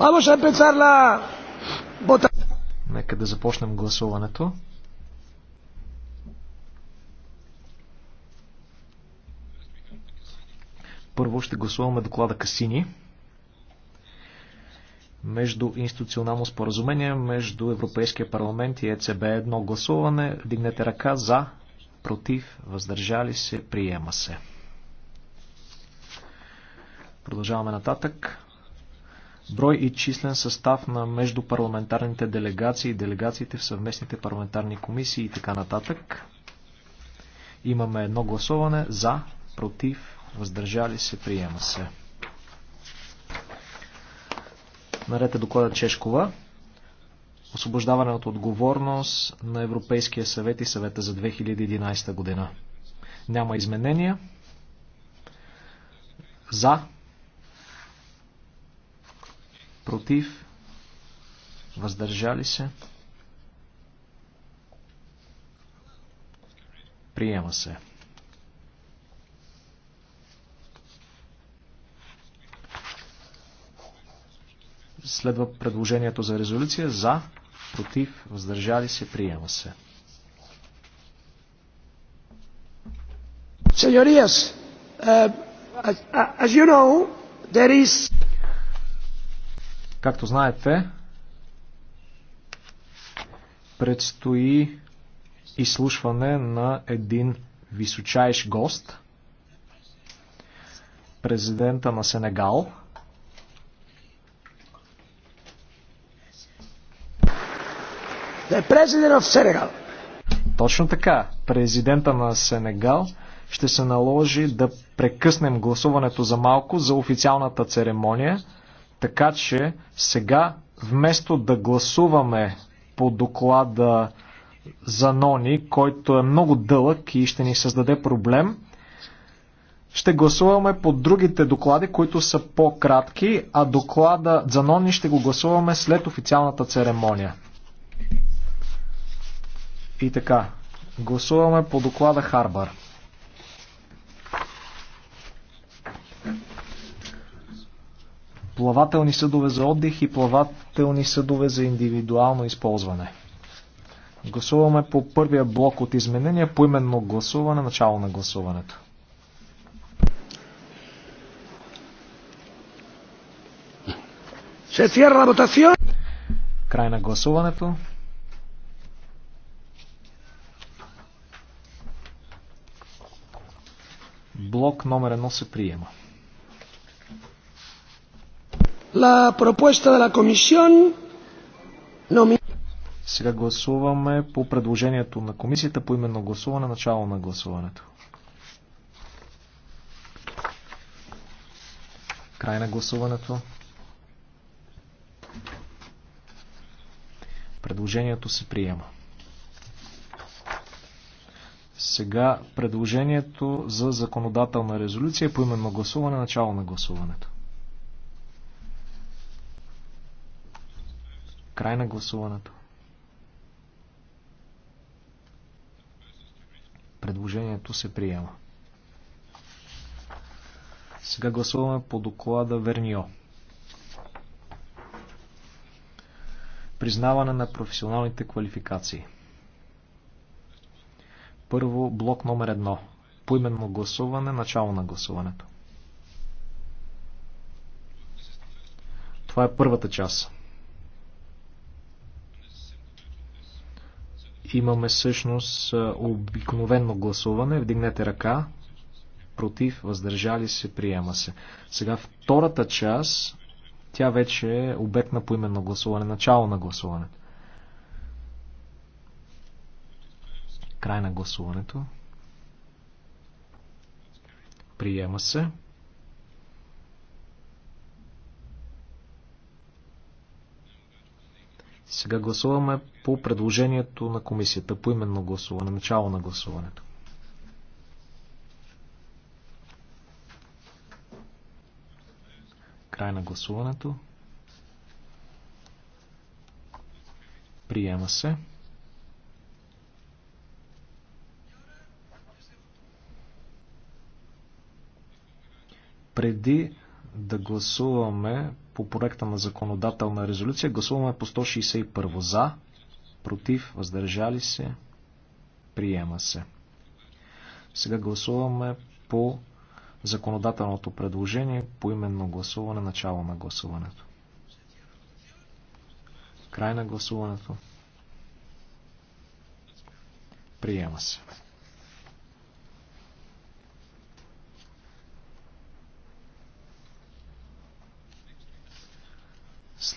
Vamos a empezar la Нека да започнем гласуването. Първо ще гласуваме доклада Касини между институционално споразумение между Европейския парламент и ЕЦБ. Едно гласуване. Дигнете ръка за, против, въздържали се, приема се. Продължаваме нататък брой и числен състав на междупарламентарните делегации, делегациите в съвместните парламентарни комисии и така нататък. Имаме едно гласуване за, против, въздържали се, приема се. Наред е доклада Чешкова. Освобождаване от отговорност на Европейския съвет и съвета за 2011 година. Няма изменения. За против, въздържали се, приема се. Следва предложението за резолюция за, против, въздържали се, приема се. Señorías, uh, as, as you know, there is Както знаете, предстои изслушване на един височайш гост, президента на Сенегал. The Сенегал! Точно така, президента на Сенегал ще се наложи да прекъснем гласуването за малко за официалната церемония. Така че сега вместо да гласуваме по доклада за НОНИ, който е много дълъг и ще ни създаде проблем, ще гласуваме по другите доклади, които са по-кратки, а доклада за НОНИ ще го гласуваме след официалната церемония. И така, гласуваме по доклада Харбър. плавателни съдове за отдих и плавателни съдове за индивидуално използване. Гласуваме по първия блок от изменения по именно гласуване, начало на гласуването. Се Край на гласуването. Блок номер 1 се приема. La propuesta de la comisión сега гласуваме по предложението на комисията по именно гласуване, начало на гласуването. Край на гласуването. Предложението се приема. Сега предложението за законодателна резолюция по именно гласуване, начало на гласуването. Край на гласуването. Предложението се приема. Сега гласуваме по доклада Вернио. Признаване на професионалните квалификации. Първо, блок номер едно. Поименно гласуване, начало на гласуването. Това е първата част. Имаме всъщност обикновено гласуване. Вдигнете ръка. Против, въздържали се, приема се. Сега втората част, тя вече е обект на поименно гласуване, начало на гласуване. Край на гласуването. Приема се. Сега гласуваме по предложението на комисията, по именно гласуване, начало на гласуването. Край на гласуването. Приема се. Преди да гласуваме по проекта на законодателна резолюция. Гласуваме по 161 за, против, въздържали се, приема се. Сега гласуваме по законодателното предложение, по именно гласуване, начало на гласуването. Край на гласуването. Приема се.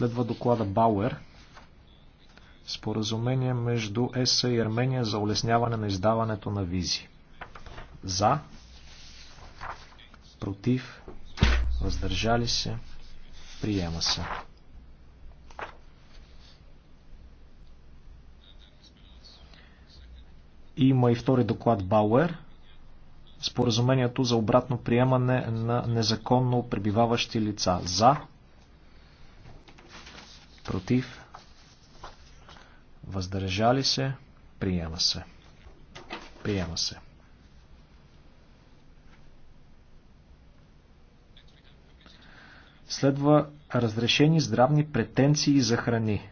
Следва доклада Бауер. Споразумение между ЕС и Армения за улесняване на издаването на визи. За. Против. Въздържали се. Приема се. Има и втори доклад Бауер. Споразумението за обратно приемане на незаконно пребиваващи лица. За против, въздържали се, приема се. Приема се. Следва разрешени здравни претенции за храни.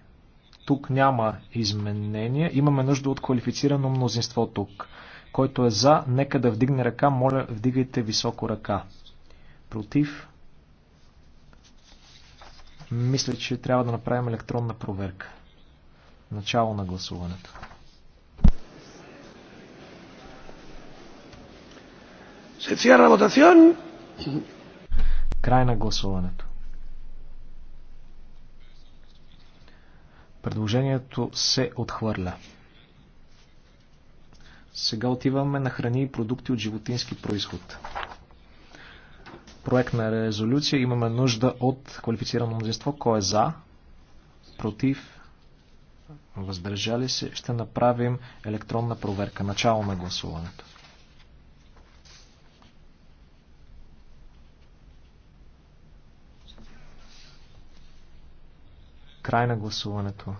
Тук няма изменения. Имаме нужда от квалифицирано мнозинство тук. Който е за, нека да вдигне ръка. Моля, вдигайте високо ръка. Против. Мисля, че трябва да направим електронна проверка. Начало на гласуването. Се цяра вотацион. Край на гласуването. Предложението се отхвърля. Сега отиваме на храни и продукти от животински происход проект на резолюция. Имаме нужда от квалифицирано мнозинство. Кой е за? Против? Въздържали се? Ще направим електронна проверка. Начало на гласуването. Край на гласуването.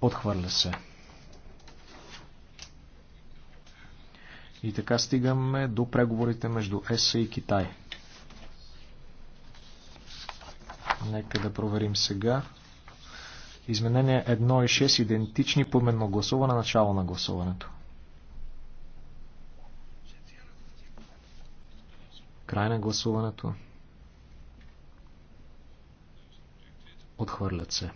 Отхвърля се. И така стигаме до преговорите между ЕСА и Китай. Нека да проверим сега. Изменения 1 и 6 идентични поименно гласуване, начало на гласуването. Край на гласуването. Отхвърлят се.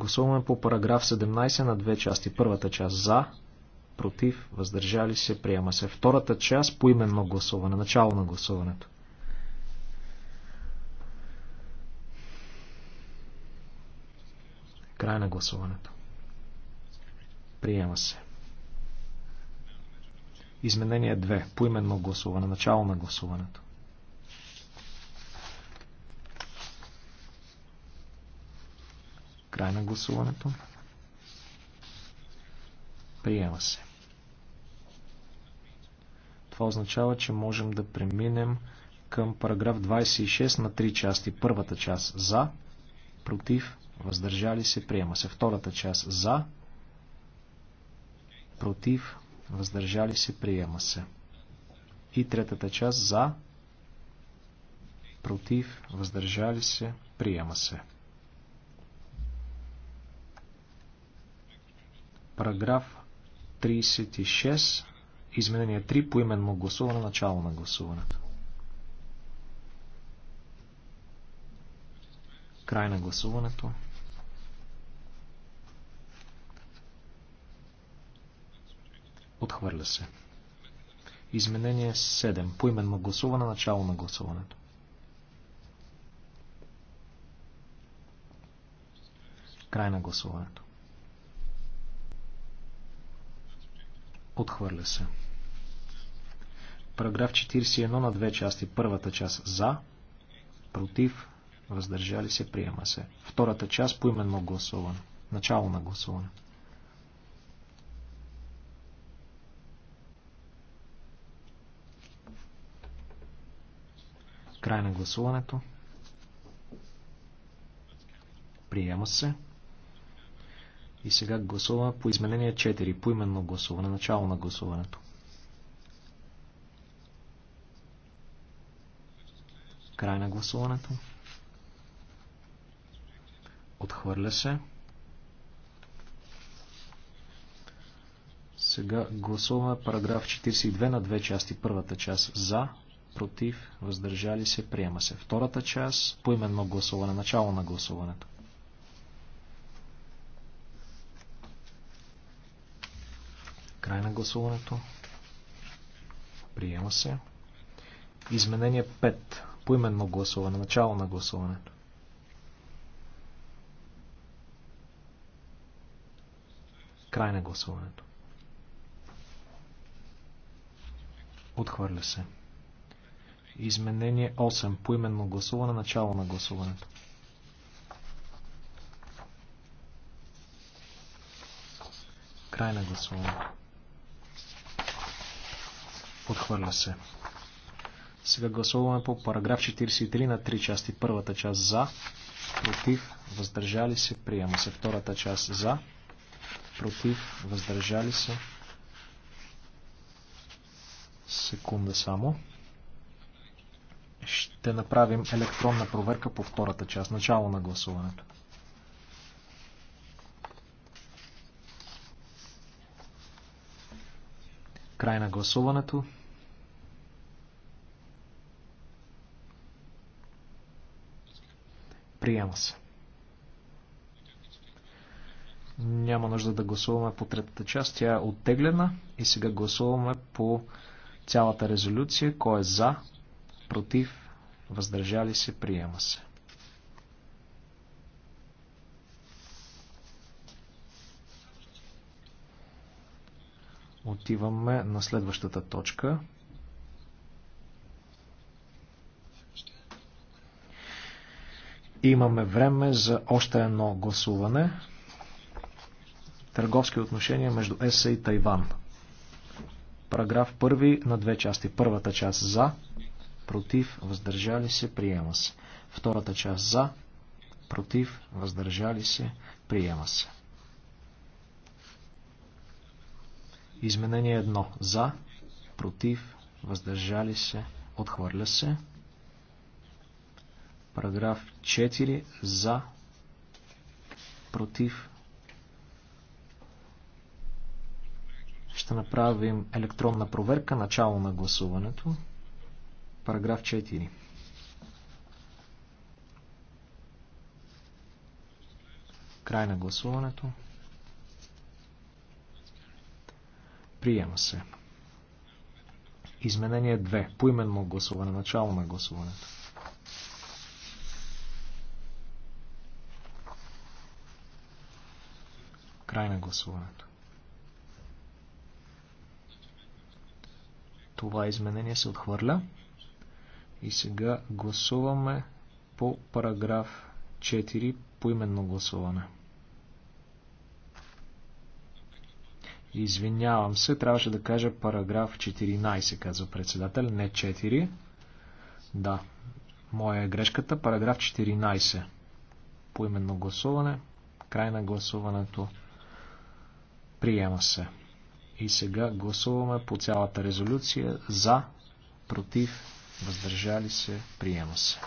Гласуваме по параграф 17 на две части. Първата част за, против, въздържали се, приема се. Втората част по именно гласуване, начало на гласуването. Край на гласуването. Приема се. Изменение 2. Поименно гласуване. Начало на гласуването. Край на гласуването. Приема се. Това означава, че можем да преминем към параграф 26 на три части. Първата част за, против, въздържали се, приема се. Втората част за, против, въздържали се, приема се. И третата част за, против, въздържали се, приема се. Параграф 36, изменение 3, поименно гласуване, начало на гласуването. Край на гласуването. Отхвърля се. Изменение 7. Поименно гласуване, начало на гласуването. Край на гласуването. Отхвърля се. Параграф 41 на две части. Първата част за, против, въздържали се, приема се. Втората част по именно гласуване. Начало на гласуване. Край на гласуването. Приема се. И сега гласуваме по изменение 4, по именно гласуване, начало на гласуването. Край на гласуването. Отхвърля се. Сега гласуваме параграф 42 на две части. Първата част за, против, въздържали се, приема се. Втората част, поименно гласуване, начало на гласуването. Край на гласуването. Приема се. Изменение 5. Поименно гласуване. Начало на гласуването. Край на гласуването. Отхвърля се. Изменение 8. Поименно гласуване. Начало на гласуването. Край на гласуването. Отхвърля се. Сега гласуваме по параграф 43 на 3 части. Първата част за, против, въздържали се, приема се. Втората част за, против, въздържали се. Секунда само. Ще направим електронна проверка по втората част. Начало на гласуването. Край на гласуването. Приема се. Няма нужда да гласуваме по третата част. Тя е оттеглена. И сега гласуваме по цялата резолюция. Кой е за, против, въздържали се, приема се. Отиваме на следващата точка. Имаме време за още едно гласуване. Търговски отношения между ЕСА и Тайван. Параграф 1 на две части. Първата част за, против, въздържали се, приема се. Втората част за, против, въздържали се, приема се. Изменение 1. За, против, въздържали се, отхвърля се. Параграф 4 за, против. Ще направим електронна проверка, начало на гласуването. Параграф 4. Край на гласуването. Приема се. Изменение 2. Поименно гласуване. Начало на гласуването. Край на гласуването. Това изменение се отхвърля. И сега гласуваме по параграф 4 по именно гласуване. Извинявам се, трябваше да кажа параграф 14, казва председател, не 4. Да, моя е грешката. Параграф 14. По именно гласуване. Край на гласуването. Приема се. И сега гласуваме по цялата резолюция за, против, въздържали се, приема се.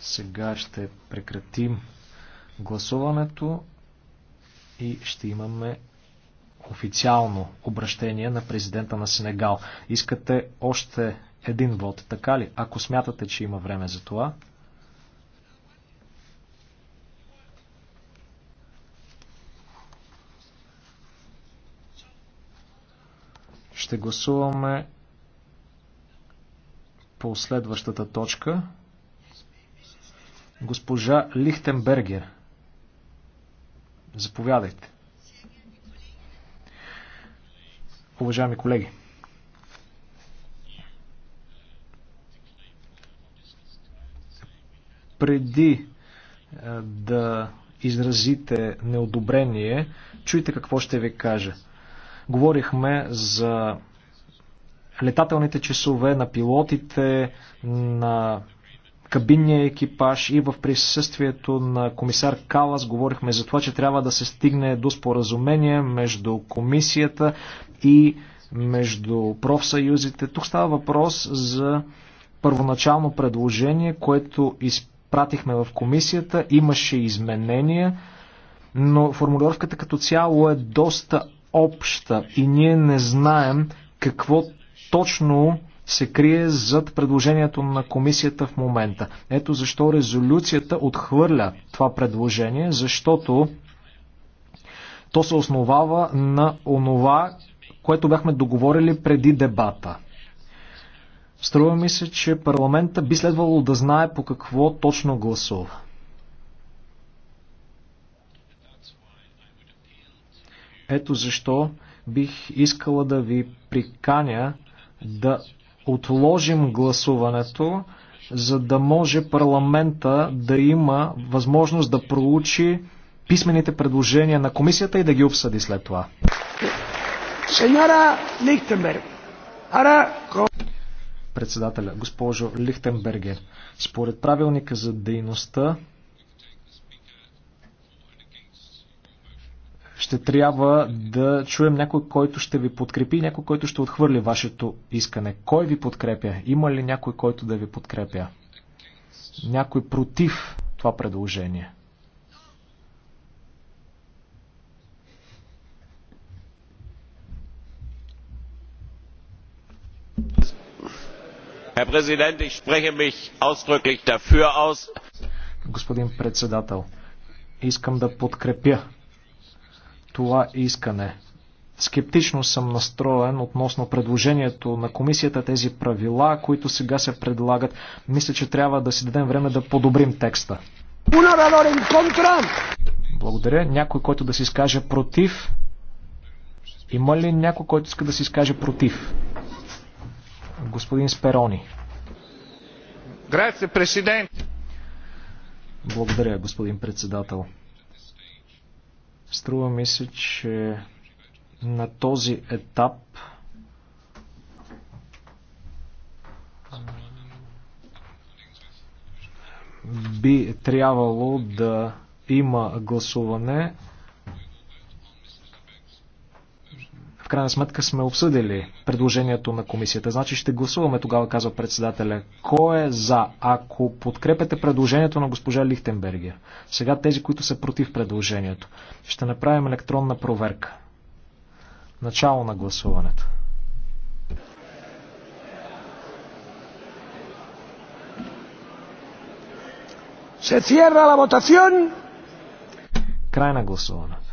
Сега ще прекратим гласуването и ще имаме официално обращение на президента на Сенегал. Искате още един вод, така ли? Ако смятате, че има време за това. Ще гласуваме по следващата точка. Госпожа Лихтенбергер. Заповядайте. Уважаеми колеги, преди е, да изразите неодобрение, чуйте какво ще ви кажа. Говорихме за летателните часове на пилотите, на кабинния екипаж и в присъствието на комисар Калас говорихме за това, че трябва да се стигне до споразумение между комисията и между профсъюзите. Тук става въпрос за първоначално предложение, което изпратихме в комисията, имаше изменения, но формулировката като цяло е доста обща и ние не знаем какво точно се крие зад предложението на комисията в момента. Ето защо резолюцията отхвърля това предложение, защото то се основава на онова, което бяхме договорили преди дебата. Струва ми се, че парламента би следвало да знае по какво точно гласува. Ето защо бих искала да ви приканя да отложим гласуването, за да може парламента да има възможност да проучи писмените предложения на комисията и да ги обсъди след това. Сеньора Лихтенберг, ара... Председателя, госпожо Лихтенберге, според правилника за дейността ще трябва да чуем някой, който ще ви подкрепи някой, който ще отхвърли вашето искане. Кой ви подкрепя? Има ли някой, който да ви подкрепя? Някой против това предложение? Господин председател, искам да подкрепя това искане. Скептично съм настроен относно предложението на комисията, тези правила, които сега се предлагат. Мисля, че трябва да си дадем време да подобрим текста. Благодаря. Някой, който да се изкаже против? Има ли някой, който иска да се изкаже против? Господин Сперони. Благодаря, господин председател. Струва ми се, че на този етап би трябвало да има гласуване крайна сметка сме обсъдили предложението на комисията. Значи ще гласуваме тогава, казва председателя. Кой е за, ако подкрепете предложението на госпожа Лихтенбергер? Сега тези, които са против предложението. Ще направим електронна проверка. Начало на гласуването. Се cierra la votación. Край на гласуването.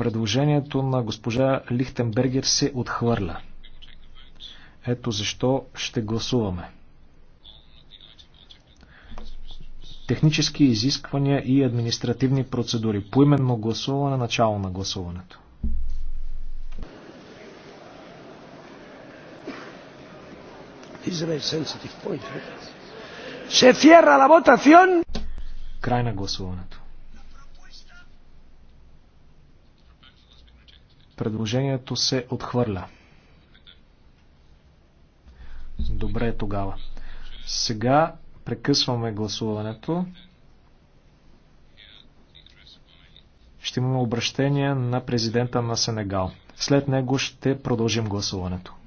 Предложението на госпожа Лихтенбергер се отхвърля. Ето защо ще гласуваме. Технически изисквания и административни процедури. Поименно гласуване, начало на гласуването. Край на гласуването. Предложението се отхвърля. Добре тогава. Сега прекъсваме гласуването. Ще имаме обращение на президента на Сенегал. След него ще продължим гласуването.